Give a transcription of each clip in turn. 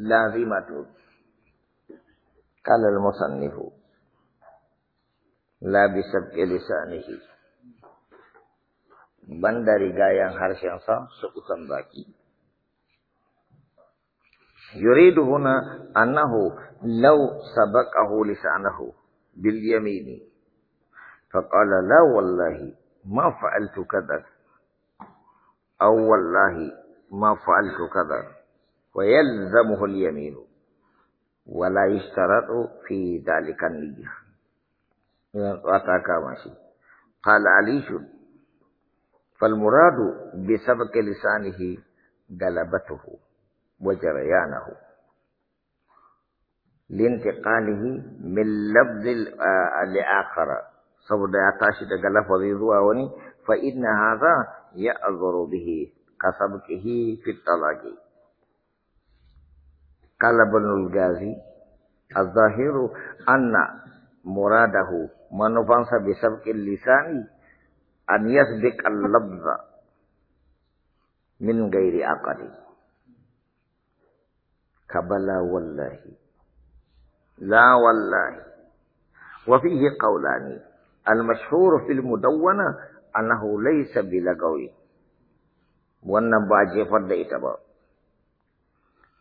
لازمه قال المصنف لا بسبك لسانه بندر غاية هرشان سا سقسم باقي يريد هنا أنه لو سبقه لسانه باليمين فقال لا والله ما فعلت كذا أو والله ما فعلت كذا ويلزمه اليمين ولا يشترط في ذلك النية ماشي قال علي فالمراد بسبق لسانه غلبته وجريانه لانتقاله من لفظ لآخر صبر ya tashi daga lafazi zuwa wani fa inna hadha ya azuru bihi قال ابن الغازي الظاهر أن مراده منفنس بسبق اللسان أن يسبق اللفظ من غير عقل كبلا والله لا والله وفيه قولان المشهور في المدونة أنه ليس بلغوي وأن باجي فرد إتبار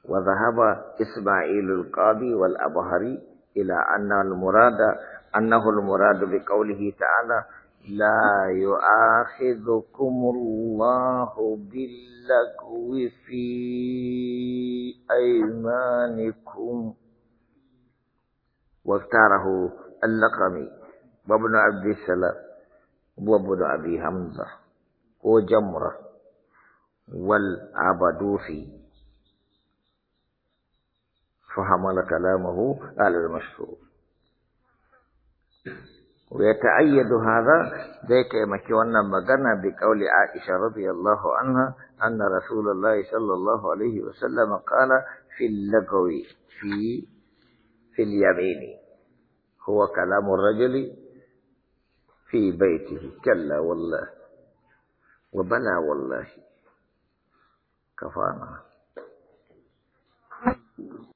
وذهب إسماعيل القاضي والأبهري إلى أن المراد أنه المراد بقوله تعالى لا يؤاخذكم الله باللغو في أيمانكم واختاره اللقمي وابن عبد السلام وابن أبي حمزة وجمرة والعبدوسي فحمل كلامه على المشروع ويتأيد هذا ذيك مكيوانا مغانا بقول عائشة رضي الله عنها أن رسول الله صلى الله عليه وسلم قال في اللغو في في اليمين هو كلام الرجل في بيته كلا والله وبلا والله كفانا